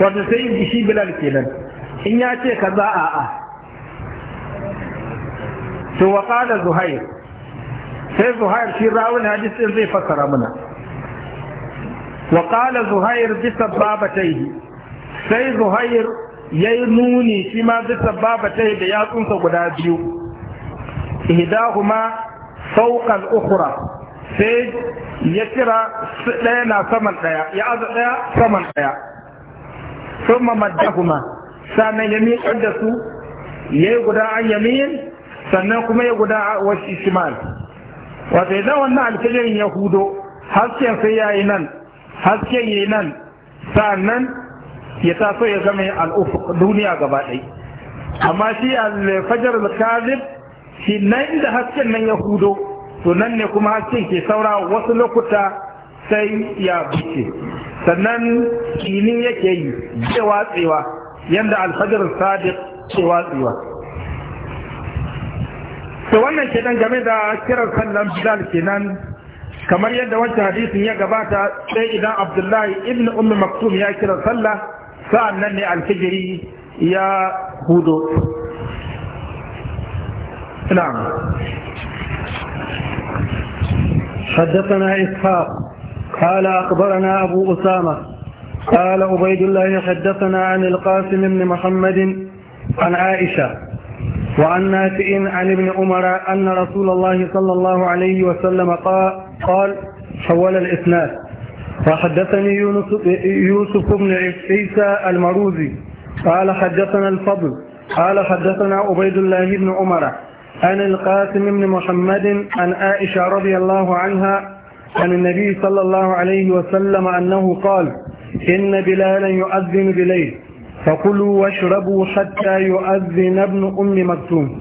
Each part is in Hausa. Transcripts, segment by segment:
wanda sai in shi bilal kenan in ya ce ka za a a to wa qala zuhair sai zuhair shi rawul hadis din zai fassara muna wa qala zuhair bi sababatayhi sai zuhair yayi nuni shi ma bi sababatayhi da yatsunsa guda biyu ihdahuma fawqa al-ukhra sai ya kira ɗaya na saman ɗaya ya aza ɗaya saman ɗaya sun kuma sannan ya miƙar da su ya yi guda an yamin sannan kuma ya guda a wasu shimal wato idan wannan alfijirin ya hudo hasken sai ya yi nan hasken ya yi nan sannan ya taso ya zama al'ufuk duniya gaba ɗai amma shi alfajar alkazib shi nan inda hasken nan ya hudo to nan ne kuma hasken ke saura wasu lokuta sai ya buce sannan kini yake yi zai watsewa yadda alfajar sadiq ke watsewa to wannan ke nan game da kiran sallan bilal nan kamar yadda wancan hadisin ya gabata sai idan abdullahi ibn Ummi maktum ya kira sallah sa'an nan ne alfijiri ya hudo نعم حدثنا إسحاق قال أخبرنا أبو أسامة قال عبيد الله حدثنا عن القاسم بن محمد عن عائشة وعن نافع عن ابن عمر أن رسول الله صلى الله عليه وسلم قال حول الاثنان وحدثني يوسف بن عيسى المروزي قال حدثنا الفضل قال حدثنا عبيد الله بن عمر عن القاسم بن محمد عن عائشة رضي الله عنها عن النبي صلى الله عليه وسلم أنه قال إن بلالا يؤذن بليل فكلوا واشربوا حتى يؤذن ابن أم مكتوم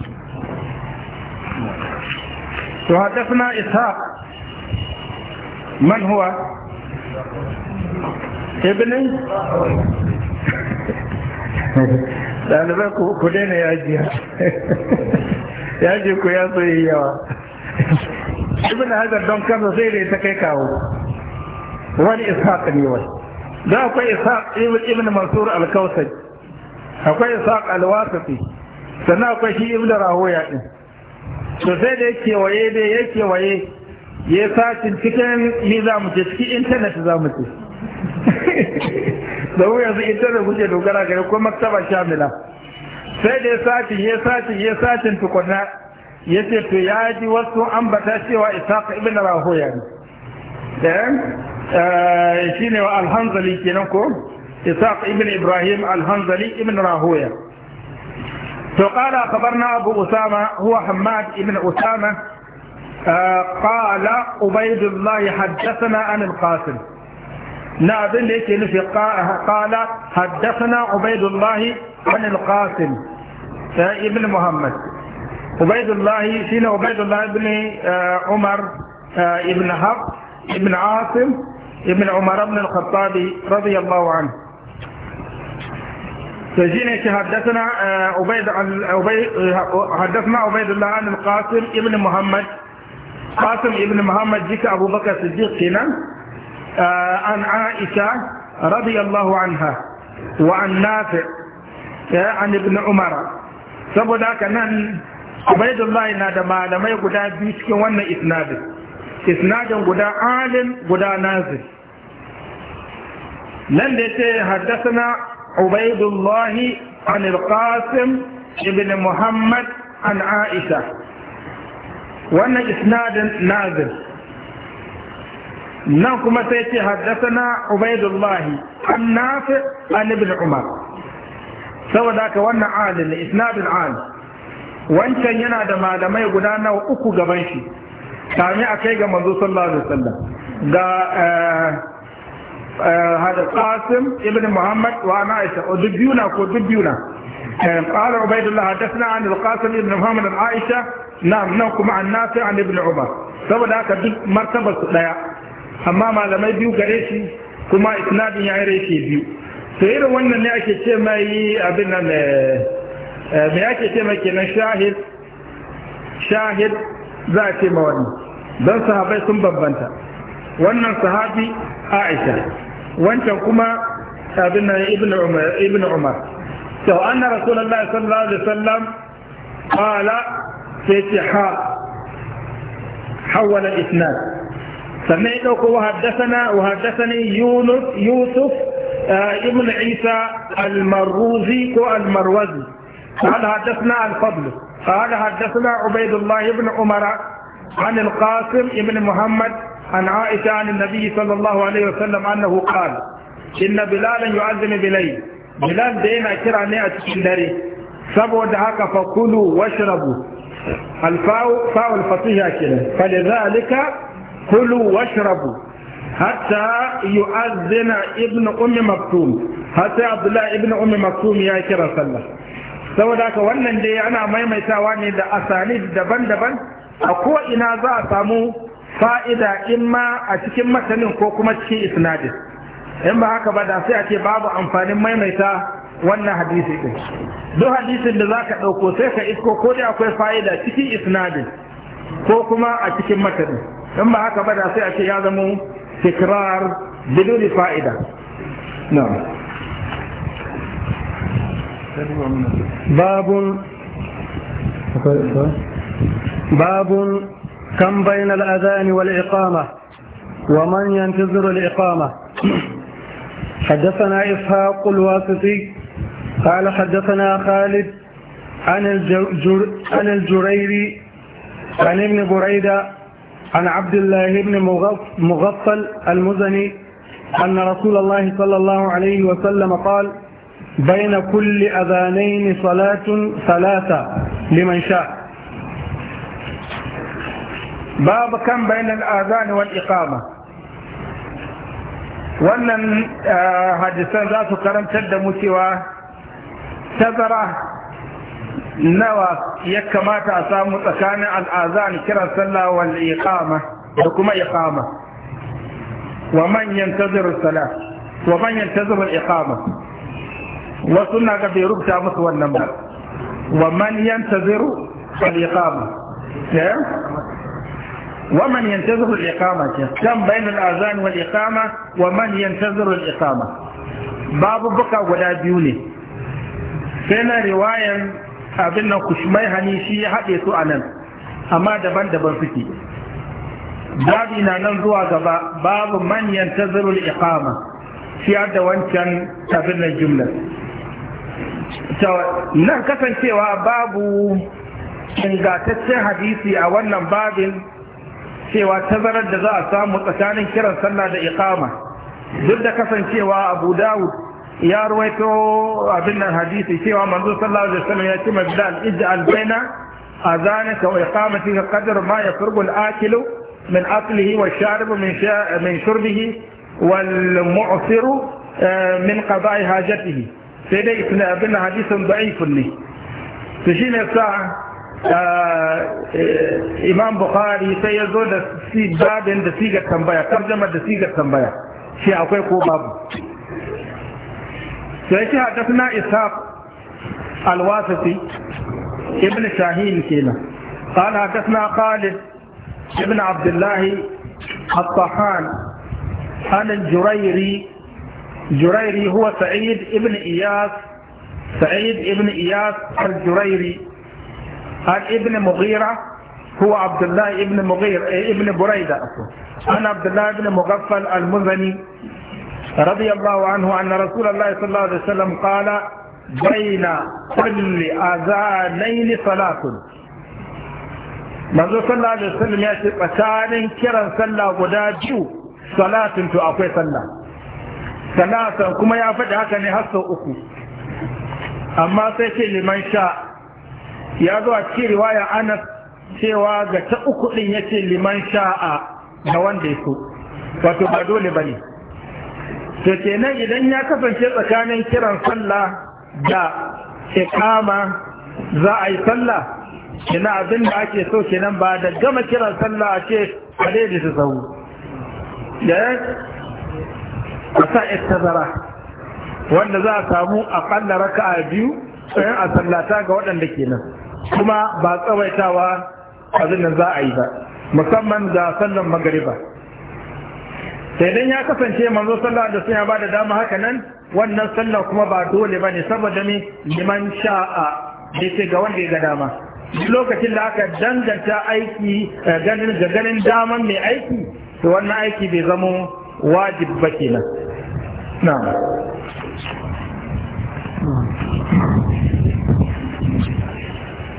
وحدثنا إسحاق من هو ابن لا لا daina yaji yaji ku ya so yi ibn hajar don kansa sai da ta kai kawo wani ishaq ne wai da akwai ishaq ibn mansur al-kausai akwai ishaq al-wasiti sannan akwai shi ibn rahoya din to sai da yake waye da yake waye ya sacin cikin ni za mu ce cikin intanet za mu ce da wuya su intanet kuke dogara gare ko maktaba shamila sai da ya sacin ya sacin ya sacin tukunna yace to ya ji wasu ambata cewa isaq ibn rahoya ne shi ne alhanzali kenan ko isaq ibn ibrahim alhanzali ibn rahoya to qala khabarna abu usama huwa hammad ibn usama قال عبيد الله حدثنا عن القاسم نعم ليك في قال حدثنا عبيد الله عن القاسم ابن محمد عبيد الله سينا عبيد الله بن آه، عمر آه، بن حق بن عاصم بن عمر بن الخطاب رضي الله عنه فجينا حدثنا آه، عبيد حدثنا عبيد الله عن القاسم بن محمد قاسم بن محمد جيك أبو بكر الصديق هنا عن عائشة رضي الله عنها وعن نافع عن ابن عمر saboda ذاك nan ubaidullahi na da malamai guda biyu cikin wannan isnadin isnadin guda alim guda nazir nan da yake haddasana ubaidullahi an alqasim ibn muhammad an aisha wannan isnadin nazir nan kuma sai ce haddasana ubaidullahi an nafi an ibn umar saboda ka wannan alil isnadin alil wancan yana da malamai guda nawa uku gaban shi sami a kai ga manzo sallallahu alaihi wasallam ga eh, eh, hada qasim ibn muhammad wa ana aisha o duk na ko duk biyu eh, qala ubaydullah عبيد an حدثنا عن القاسم Muhammad, Aisha, عن عائشه نعم نعم an نافع عن ابن saboda haka duk martaba su daya amma malamai biyu gare shi kuma isnadin ya yi shi biyu to irin wannan ne ake ce mai abin nan Eh, me ake ce kenan shahid shahid za a ce ma wani don sahabai sun bambanta wannan sahabi aisha wancan kuma abin nan ibn umar ibn umar to anna rasulullahi sallallahu alaihi wasallam qala sai ce ha hawala isnad sannan ya dauko haddathana wa haddathani yunus yusuf eh, ibn isa al-marruzi ko al-marwazi قال حدثنا الفضل قال حدثنا عبيد الله بن عمر عن القاسم بن محمد عن عائشة عن النبي صلى الله عليه وسلم أنه قال إن بلالا يؤذن بليل بلال دين أكرا نئة شدري سبو دهك فكلوا واشربوا الفاو فاو الفصيح أكرا فلذلك كلوا واشربوا حتى يؤذن ابن أم مكتوم حتى عبد الله ابن أم مكتوم يا أكرا صلى الله saboda haka wannan dai ana maimaitawa ne da asali daban-daban a ko ina za a samu fa'ida in ma a cikin matanin ko kuma cikin isnadin in ba haka ba da sai a ce babu amfanin maimaita wannan hadisi ɗin duk hadisin da za ka ɗauko sai ka isko ko dai akwai fa'ida cikin isnadin ko kuma a cikin matanin in ba haka ba da sai a ce ya zama tikrar biduni fa'ida باب باب كم بين الأذان والإقامة ومن ينتظر الإقامة حدثنا إسحاق الواسطي قال حدثنا خالد عن, الجر... عن الجريري عن ابن بريدة عن عبد الله بن مغفل المزني أن رسول الله صلى الله عليه وسلم قال بين كل أذانين صلاة ثلاثة لمن شاء باب كم بين الآذان والإقامة wannan hadisan za su karantar da mu cewa tazara nawa ya kamata a samu tsakanin al'azan kiran sallah wal iqama da kuma iqama wa man yantazir salat wa man yantazir al iqama wasu na ga bai rubuta musu wannan ba wa man yantaziru al-iqama ya eh? wa man yantaziru al-iqama kan al azan wal iqama wa man yantaziru al-iqama babu buka guda biyu ne sai na riwayan abin nan kushmai hani shi ya haɗe su a nan amma daban-daban suke babi na nan zuwa gaba babu man yantaziru al-iqama shi da wancan abin nan jumlar nan kasancewa babu ingantaccen hadisi a wannan babin cewa tazarar da za a samu tsakanin kiran sallah da iqama duk da kasancewa abu dawud ya ruwaito abin nan hadisi cewa manzo sallallahu alaihi wasallam ya ce mabdal ij'al baina azanaka wa iqamatika qadar ma yafrugu al-akilu min aqlihi wa sharibu min min shurbihi wal mu'siru min qada'i hajatihi sai dai isna abin hadisin da'ifun ne to shine sa imam bukhari sai ya zo da babin da sigar tambaya tarjama da sigar tambaya shi akwai ko babu sai shi hadasna ishaq alwasati ibn shahin kenan قال حدثنا خالد ابن عبد الله الطحان عن الجريري جريري هو سعيد ابن إياس سعيد ابن إياس الجريري ابن مغيرة هو عبد الله ابن مغير ابن بريدة أنا عبد الله ابن مغفل المزني رضي الله عنه أن رسول الله صلى الله عليه وسلم قال بين كل أذانين صلاة manzo sallallahu alaihi wasallam ya ce tsakanin kiran sallah guda biyu salatin to akwai sallah salasa kuma ya faɗi haka ne har sau uku amma sai ce liman sha ya zo a cikin riwaya ana cewa ga ta uku ɗin ya ce liman a ga wanda ya so wato ba dole ba ne to kenan idan ya kasance tsakanin kiran sallah da ikama za a yi sallah kina abin da ake so kenan ba da gama kiran sallah a ce a daidaita sahu a sa tazara wanda za a samu aƙalla raka a biyu tsayin a sallata ga waɗanda ke nan kuma ba tsawaitawa abin za a yi ba musamman ga sallan magariba sai dan ya kasance manzo sallah da sun ya ba da dama haka nan wannan sallah kuma ba dole ba ne saboda ne liman sha'a da ce ga wanda ya ga dama lokacin da aka danganta aiki ganin ganin daman mai aiki to wannan aiki bai zamo واجب بكينا نعم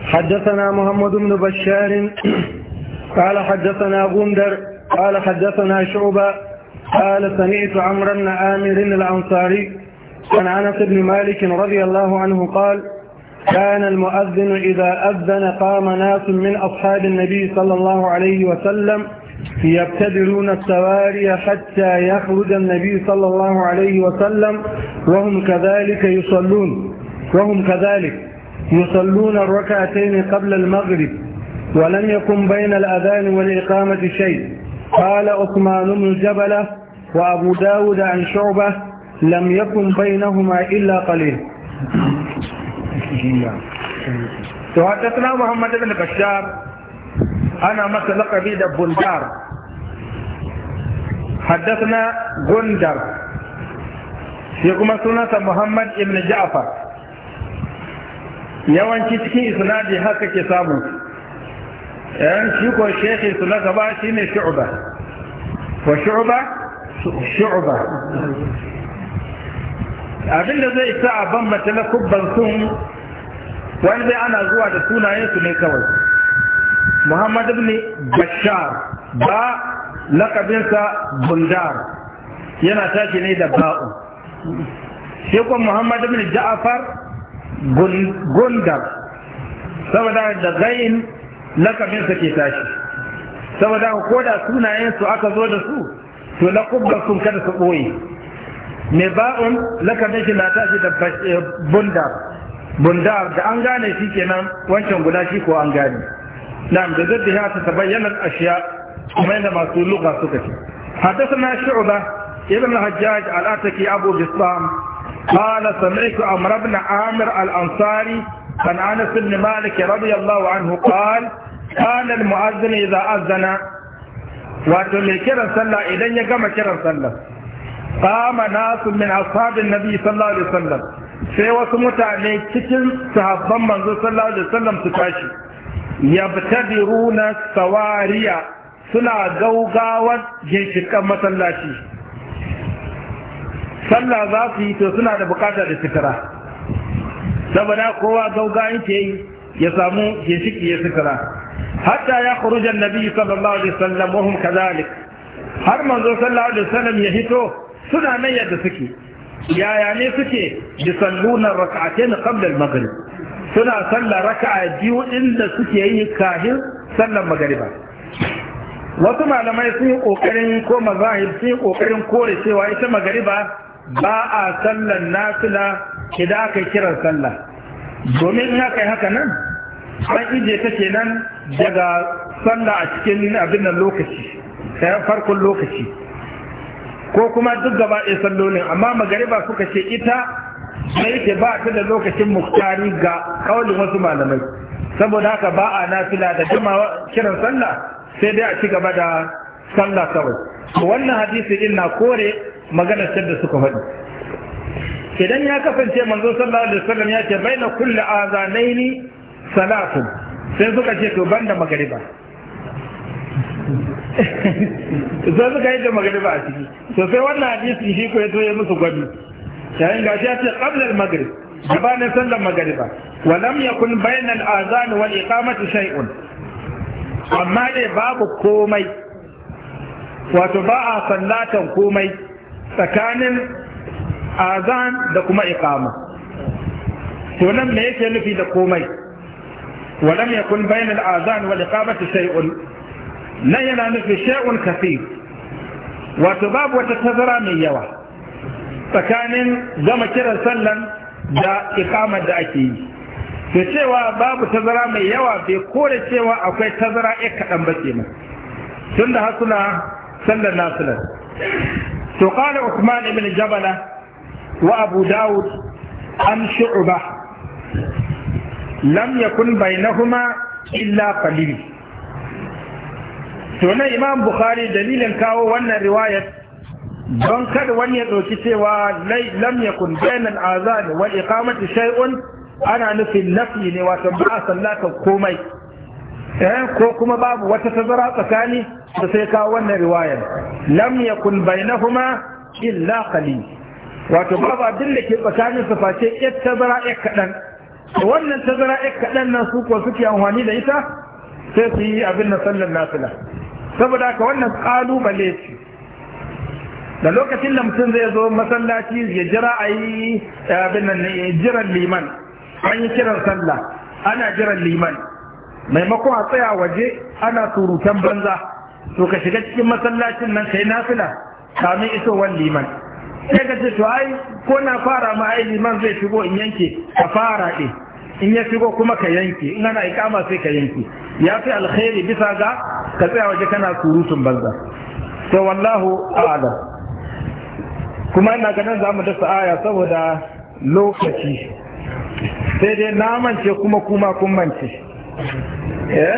حدثنا محمد بن بشار قال حدثنا غندر قال حدثنا شعبة قال سمعت عمرا بن عامر الأنصاري عن أنس بن مالك رضي الله عنه قال كان المؤذن إذا أذن قام ناس من أصحاب النبي صلى الله عليه وسلم يبتدرون السواري حتى يخرج النبي صلى الله عليه وسلم وهم كذلك يصلون وهم كذلك يصلون الركعتين قبل المغرب ولم يكن بين الأذان والإقامة شيء قال عثمان بن جبلة وأبو داود عن شعبة لم يكن بينهما إلا قليل وحدثنا محمد بن بشار ana masa laƙabi da haddasa gundar shi kuma sunansa Muhammad Ibn ja'far yawanci cikin isnadi haka ke samu yan shi ko shekhi suna na gaba shi ne shu'ba wa shu'ba shu'ba abinda zai isa a ban matalakubban na kubban sun wani zai ana zuwa da sunayensu ne kawai muhammad ibn bashar ba lakabinsa bundar yana tashi ne da ba'u sai kuma muhammad ibn ja'far gundar saboda da gain lakabinsa ke tashi saboda ko da sunayensu aka zo da su to lakubban sun kada su ɓoye mai ba'un lakabin shi na tashi da bundar da an gane shi kenan wancan guda shi ko an gane نعم بذدها تتبين الأشياء بينما في اللغة سكتي حدثنا شعبة ابن الحجاج الأتكي أبو جسام قال سمعت عمر بن عامر الأنصاري عن أنس بن مالك رضي الله عنه قال كان المؤذن إذا أذن وتولي كرن صلى إلي كما كرن صلى قام ناس من أصحاب النبي صلى الله عليه وسلم سوى وسمت عليه كتن صحاب من صلى الله عليه وسلم تتاشي yabtadiruna sawariya suna gaugawar ginshikan masallaci sallah za su yi to suna da bukata da sutura saboda kowa gauga ce yi ya samu ginshiki ya sutura hatta ya khuruja nabi sallallahu alaihi wasallam wa hum kadhalik har manzo sallallahu alaihi wasallam ya hito suna nan yadda suke yaya ne suke bi rak'atayn qabla al-maghrib suna sallah raka raka'a biyu inda suke yi kahin sallar magariba wasu malamai sun yi kokarin ko mazahib sun yi kokarin kore cewa ita magariba ba a sallar nafila idan aka yi kiran sallah domin in aka yi haka nan an ije ta nan daga sallah a cikin abin nan lokaci farkon lokaci ko kuma duk gaba ɗaya sallolin amma magariba suka ce ita sai ce ba ta da lokacin muktari ga kawalin wasu malamai saboda haka ba a nafila da jimawa, kiran sallah sai dai a ci gaba da sallah kawai wannan hadisi din na kore maganar da suka faɗi idan ya kasance manzo sallallahu alaihi wasallam ya ce baina kulli azanaini salatu sai suka ce to banda magariba sai suka yi da magariba a ciki to sai wannan hadisi shi ko ya musu gwani. yayin gashi ya ce qabla al-maghrib gabanin sallar ba wa lam yakun bainal azan wal iqamati shay'un amma dai babu komai wato ba a sallatan komai tsakanin azan da kuma iqama to nan me yake nufi da komai wa lam yakun bainal azan wal iqamati shay'un nan yana nufi shay'un kafi wato babu wata tazara mai yawa tsakanin gama kiran sallan da ikamar da ake yi da cewa babu tazara mai yawa bai kore cewa akwai tazara ya kaɗan ba kenan tun da hasula sallar nasular to kala usman ibn jabala wa abu dawud an shu'ba lam yakun bainahuma illa qalil to na imam bukhari dalilin kawo wannan riwayar don kada wani ya ɗauki cewa lam yakun bainal azan wal iqamati shay'un ana nufin nafi ne wato ba a sallata komai eh ko kuma babu wata tazara tsakani da sai kawo wannan riwayar lam yakun bainahuma illa qalil wato babu abin da ke tsakanin su face yar tazara yar kaɗan wannan tazara yar kaɗan nan su ko suke amfani da ita sai su yi abin na sallar nafila saboda haka wannan ƙalubale ce da lokacin da mutum zai zo masallaci ya jira a yi eh, eh, jiran liman an yi kiran sallah ana jiran liman maimakon a tsaya waje ana surutan banza to ka shiga cikin masallacin nan kai nafila kamin isowar liman sai ka ce to ai ko na fara ma ai liman zai shigo in yanke ka fara ɗe in ya shigo kuma ka yanke in ana ikama sai ka yanke ya fi alkhairi bisa ga ka tsaya waje kana surutun banza to wallahu a'lam kuma ina ganin za mu dasa aya saboda lokaci sai dai na kuma kuma kun eh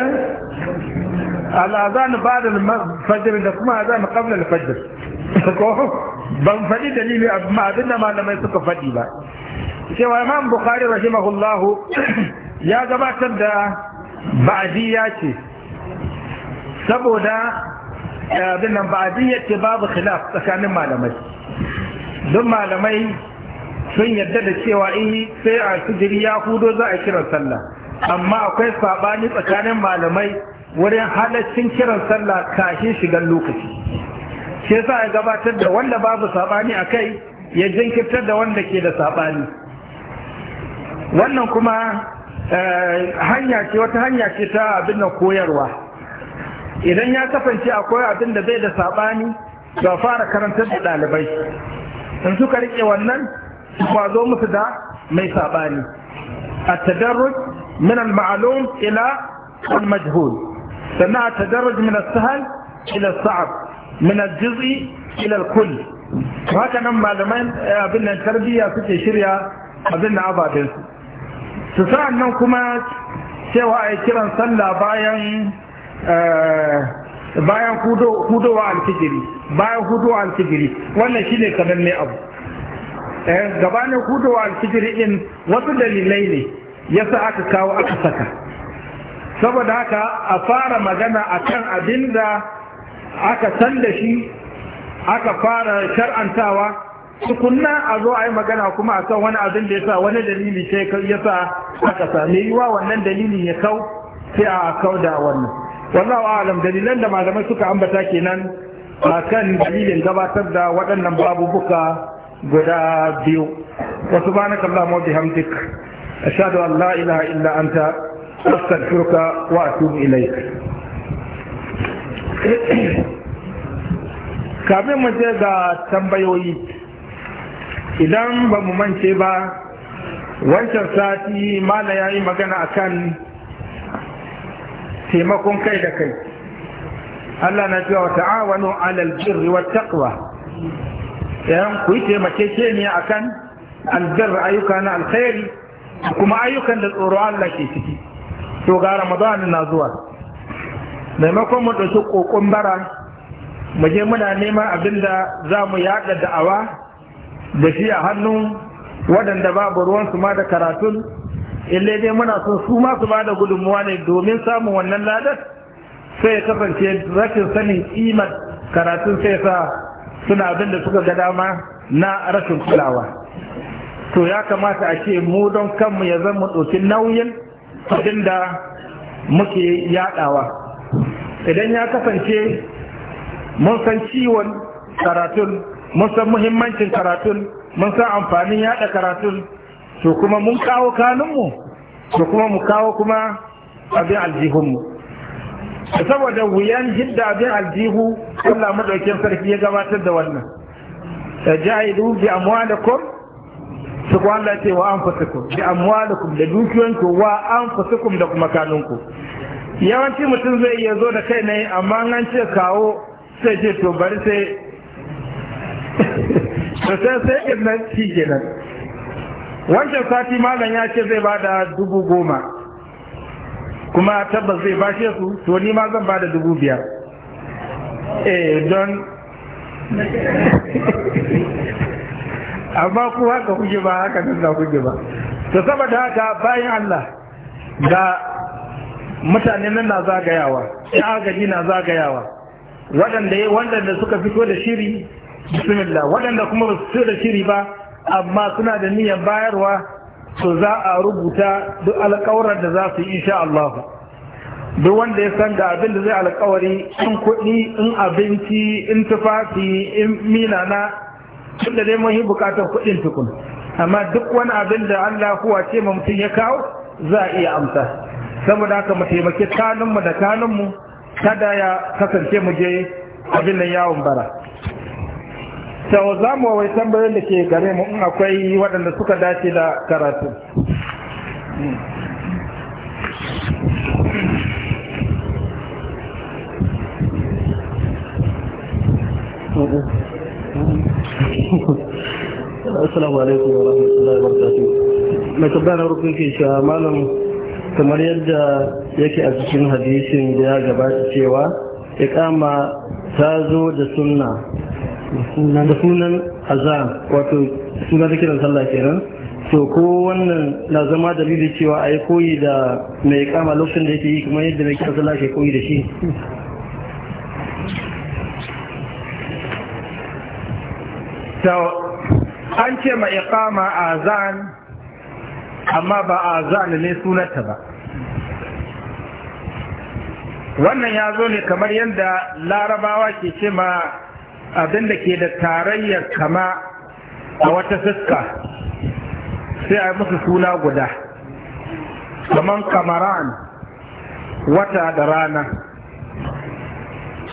al'azan ba'da al-fajr da kuma azan qabla al-fajr ko ban faɗi dalili amma abin da malamai suka faɗi ba cewa imam bukhari rahimahullahu ya gabatar da ya ce saboda eh, abin nan ya ce babu khilaf tsakanin malamai don malamai sun yadda da cewa in eh, sai a sujiri ya hudo za a kiran sallah amma akwai saɓani tsakanin malamai wurin halaccin kiran sallah kafin shigar lokaci shi sa a gabatar da wanda babu saɓani a kai ya jinkirtar da wanda ke da saɓani wannan kuma eh, hanya ce wata hanya ce ta abin da koyarwa idan ya kasance akwai abin da bai da saɓani ga fara karantar da ɗalibai in suka rike wannan ba zo musu da mai sabani at-tadarruj min al-ma'lum ila al-majhul sannan at-tadarruj min as-sahl ila as-sa'b min al-juz'i ila al-kull haka nan malaman eh, abin nan tarbiyya suke shirya abin da ababen su su sa'an nan kuma cewa a kiran sallah bayan eh, bayan hudowa alfijiri bayan hudowa alfijiri wannan ne kamar mai abu eh, gabanin hudowa alfijiri in wasu dalilai ne ya sa aka kawo aka saka saboda haka a fara magana akan abin da aka san da shi aka fara shar'antawa tukunna a zo a yi magana kuma a kan wani abin da ya sa wani dalili sai ya sa aka sami yiwa wannan dalilin ya kau sai a kau da wannan wallahu alam dalilan da malamai suka ambata kenan akan dalilin gabatar da waɗannan babubuka guda biyu wa subhanaka allahumma wa bihamdik ashhadu an la ilaha illa anta astaghfiruka wa atubu ilaik kafin mu je ga tambayoyi idan ba mu mance ba wancan sati mala ya yi magana akan taimakon kai da kai Allah na cewa ta'awanu alal birri wat taqwa yan ku yi taimake ne akan albir ayyuka na alkhairi kuma ayyukan da tsoro Allah ke ciki to ga Ramadan na zuwa maimakon mu ɗauki kokon bara mu je muna neman abinda da za mu yaɗa da'awa da shi a hannun waɗanda babu ruwan su ma da karatun ille dai muna son su ma su bada gudunmuwa ne domin samun wannan ladar sai ya kasance rashin sanin iman karatun sai sa suna abin da suka ga dama na rashin kulawa to ya kamata a ce mu don kanmu ya zan mu ɗauki nauyin abin da muke yaɗawa idan ya kasance mun san ciwon karatun mun san muhimmancin karatun mun san amfanin yaɗa karatun su kuma mun kawo kanunmu su kuma mu kawo kuma abin aljihunmu saboda wuyan hidda abin aljihu Allah madaukin sarki ya gabatar da wannan jahidu bi amwalikum su ku Allah ce wa anfusukum bi amwalikum da dukiyanku wa anfusukum da kuma kanunku yawanci mutum zai iya zo da kai ne amma an ce kawo sai ce to bari sai to sai sai ibnan ci kenan wancan sati malam ya ce zai bada dubu goma kuma tabbas zai bashe su to ni ma zan bada dubu biyar eh don amma ku haka kuke ba haka nan za kuke ba to saboda haka bayan Allah da mutane nan na zagayawa ya gaji na zagayawa waɗanda waɗanda suka fito da shiri bismillah waɗanda kuma ba su fito da shiri ba amma suna da niyyar bayarwa to za a rubuta duk alƙawarar da za su yi insha Allah duk wanda ya san ga abin da zai alƙawari in kuɗi in abinci in tufafi in minana tun da dai mun yi buƙatar kuɗin tukun amma duk wani abin da Allah kuwa ce ma mutum ya kawo za a iya amsa saboda haka mu taimaki kanunmu da kanunmu kada ya kasance mu je abin nan yawon bara sau za mu wai tambayoyin da ke gare mu in akwai waɗanda suka dace da karatu assalamu alaikum wa rahmatullahi wa mai tabbatar rukun ke cewa malam kamar yadda yake a cikin hadisin da ya gabata cewa kama ta zo da sunna da sunan aza wato suna da kiran sallah kenan to ko wannan na zama dalilin cewa a yi koyi da mai kama lokacin da yake yi kuma yadda mai kiran sallah ke koyi da shi an ce ma iqama azan amma ba azan ne sunanta ba wannan ya zo ne kamar yadda larabawa ke ce ma abin da ke da tarayyar kama a wata fuska sai a yi musu suna guda kaman kamaran wata da rana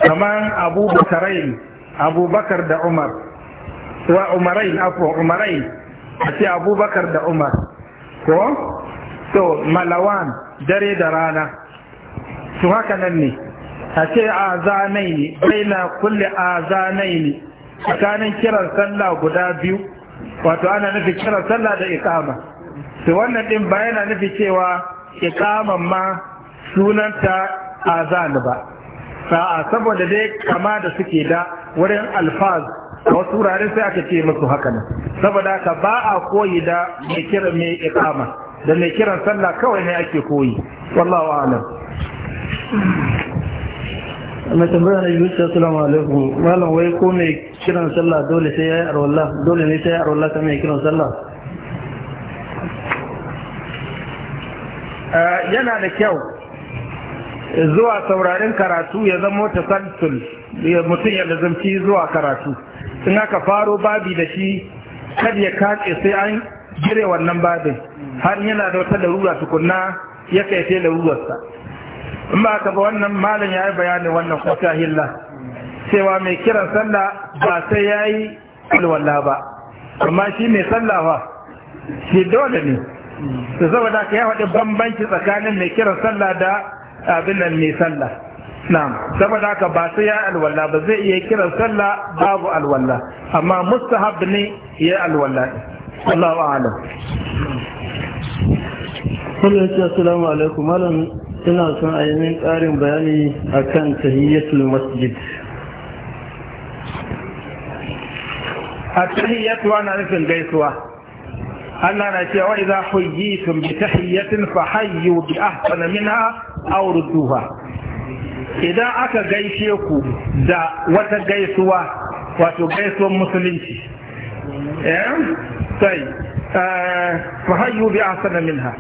kaman abubakarai abubakar da umar wa umarai afo umarai a ce abubakar da umar ko to malawan dare da rana su haka nan ne a ce azanai baina kulli azanai ne tsakanin kiran sallah guda biyu wato ana nufi kiran sallah da ikama to wannan din ba yana nufi cewa ikaman ma sunanta azan ba sa'a saboda dai kama da suke da wurin alfaz a wasu wurare sai aka ce musu haka nan saboda ka ba a koyi da mai kira mai ikama da mai kiran sallah kawai ne ake koyi wallahu a'lam mai tambaya na yusa assalamu alaikum malam wai ko mai kiran sallah dole sai ya yi arwallah dole ne sai ya arwallah ta mai kiran sallah eh, yana da kyau zuwa sauraren karatu ya zama ya mutum ya lazimci zuwa karatu sun aka faro babi da shi kad ya kace sai an gire wannan babin har yana da wata larura tukunna ya kai sai larurarsa in ba ka ga wannan malam ya yi bayani wannan kwata hilla cewa mai kiran sallah ba sai ya yi alwallah ba amma shi mai sallah ba shi dole ne da saboda ka ya faɗi bambanci tsakanin mai kiran sallah da abin nan mai sallah na'am saboda haka ba sai ya alwala ba zai iya kiran sallah babu alwala amma mustahab ne ya alwala Allahu a'lam. Kullu assalamu alaikum malam suna son ainihin ƙarin bayani a kan tahiyyatul masjid a tahiyyatuwa na nufin gaisuwa Allah na cewa yi huyyitum bi tahiyyatin fa hayyu bi ahsana minha aw rudduha idan aka gaishe ku da wata gaisuwa wato gaisuwar musulunci eh sai eh, fa hayyu bi ahsana minha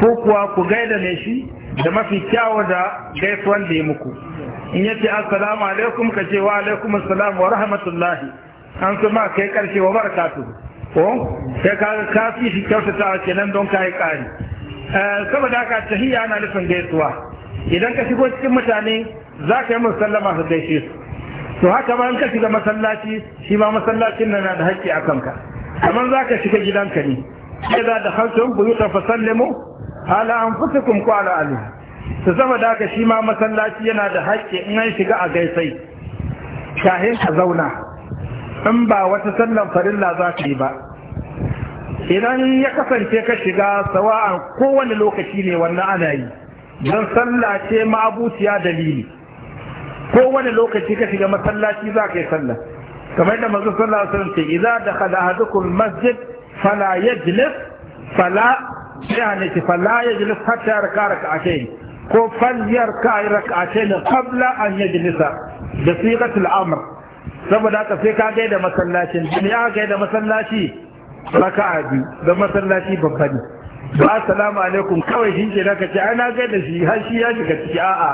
ko kuwa ku gaida ne shi da mafi kyawun da gaisuwan da ya muku in yace assalamu alaikum ka ce wa alaikum assalam wa rahmatullahi an su ma kai karshe wa barakatu ko sai ka ka fi shi kyautata nan don kai kari eh, saboda haka tahiyya ana nufin gaisuwa idan ka shigo cikin mutane za ka yi musallama su gaishe su to haka bayan ka shiga masallaci shi ma masallacin nan na da haƙƙi a kanka amma za ka shiga gidanka ne sai da da hankali buyuta fa sallimu ala anfusikum ko ala ali to saboda haka shi ma masallaci yana da haƙƙi in an shiga a gaisai shahin ka zauna in ba wata sallan farilla za ka yi ba idan ya kasance ka shiga sawa'an kowane lokaci ne wannan ana yi don sallace ce ma'abuciya dalili kowane lokaci ka shiga masallaci za ka yi sallah kamar da manzo sallallahu alaihi wasallam idan idza dakhala masjid fala yajlis fala sai hane falla ya jili hatta ya raka raka ake ko falliyar ka yi raka ake ne kabla an ya jinisa da sigatul amr saboda haka sai ka gaida masallacin duniya gaida masallaci raka biyu da masallaci babba ne ba assalamu alaikum kawai shi ke naka ce na gaida shi har shi ya shiga ciki a'a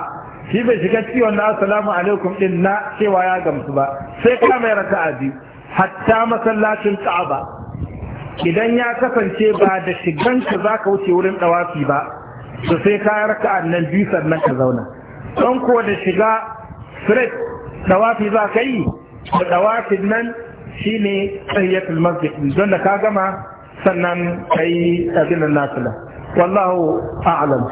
shi bai shiga ciki wannan assalamu alaikum din na cewa ya gamsu ba sai ka mai a biyu hatta masallacin ka'aba idan ya kasance ba da shiganka za ka wuce wurin ɗawafi ba to sai ka raka nan biyu sannan ka zauna don ko da shiga fred ɗawafi za ka yi da ɗawafin nan shi ne tsayyatul masjid don da ka gama sannan ka yi abinan nasila wallahu a'alam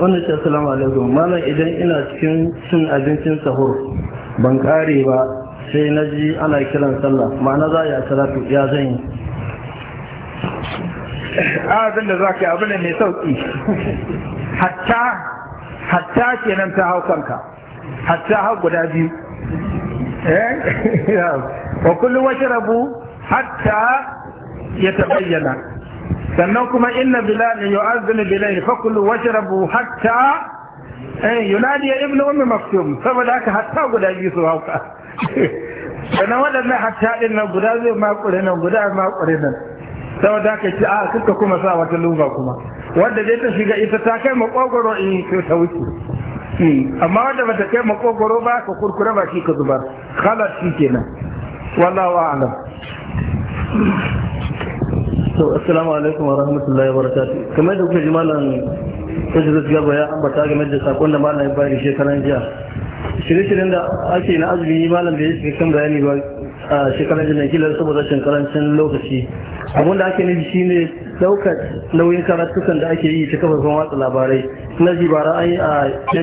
wannan ce salamu alaikum malam idan ina cikin cin abincin sahur ban kare ba sai na ji ana kiran sallah ma'ana za a yi salatu ya zan yi ah, abin da za ka yi abin da mai sauƙi hatta hatta kenan ta hau kanka hatta hau guda biyu eh? wa kullum wasu rabu hatta ya tabayyana sannan kuma inna bilal yu'azzinu bilayl fakulu rabu hatta eh yunadi ibnu ummi maktum saboda haka hatta guda biyu su hauka sannan waɗannan hatshaɗin nan guda zai makure nan guda makure nan da haka ci a ah, kuka kuma sa wata luga kuma wadda zai ta shiga ita ta kai makogoro in eh, to ta wuce hmm. amma wadda ta kai makogoro ba ka kurkura ba shi ka zubar halar shi nan. wallahu a'lam to assalamu alaikum wa rahmatullahi wa barakatuh kamar da kuka ji malam shi zai gaskiya ya ambata game da sakon da malam ya bayar shekaran jiya shirye-shiryen da ake na azumi malam da ya shiga kan bayani ba a shekarar jinan kilar saboda shan karancin lokaci abinda ake nufi ne daukar nauyin karatukan da ake yi ta kafafen watsa labarai na jibara an yi a nta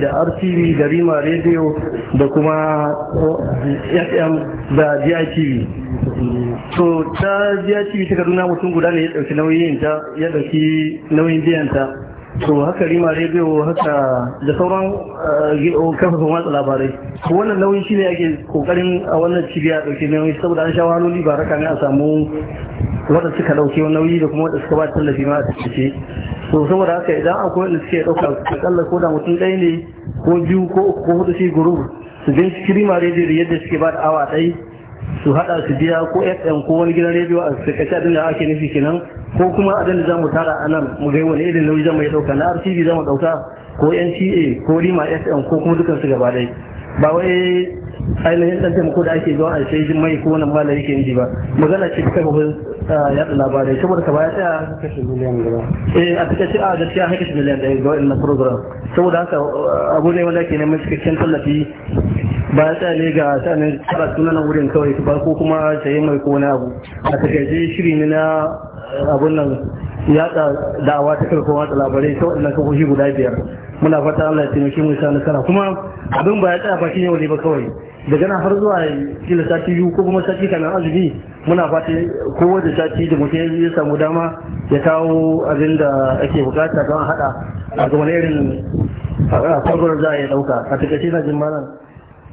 da rtv da rima radio da kuma fm da gitv to ta gitv ta kaduna mutum guda ne ya dauki nauyin ta nauyin biyan ta to haka rima rediyo haka da sauran eh, kafafin watsa labarai wannan nauyi shine ake kokarin a wannan cibiya dauke nauyi saboda an sha wahaloli ba raka ne a samu wadda suka dauke nauyi da kuma wadda suka ba tallafi ma a tattace to saboda haka idan akwai wanda suke dauka akalla ko da mutum ɗaya ne ko biyu ko uku ko hudu shi guru su binciki rima rediyo yadda suke ba da awa ɗaya su hada su biya ko fm ko wani gidan rediyo a sakaci a dinga ake nufi kenan ko kuma a da za mu tara a nan mu gai wani irin nauyi zama ya dauka na rtv zama dauka ko nta ko rima fm ko kuma dukansu gaba dai ba wai ainihin dan taimako da ake zuwa a sai jin mai ko wannan bala yake yi ba magana ce ta gaba ah, yaɗa labarai saboda ka baya tsaya kashe miliyan gaba eh a take ce a gaskiya haka kashe miliyan da ga wannan program saboda haka ah, abu ne wanda ke neman cikakken tallafi ba ya tsaya ne ga tsanin tsara na wurin kawai ba ko kuma sayi mai ko wani abu a takaice shiri ne na abun nan yada da'awa ta karkon watsa labarai ta waɗannan kafofi guda biyar muna fata Allah ya taimake mu sa nasara kuma abin ba ya tsaya ba shi ne ba kawai daga nan har zuwa kila sati biyu ko kuma sati kanan azumi muna fata kowa da sati da mutum ya samu dama ya kawo abin da ake bukata don haɗa a ga wani irin a za a yi ɗauka a takaice na jin malam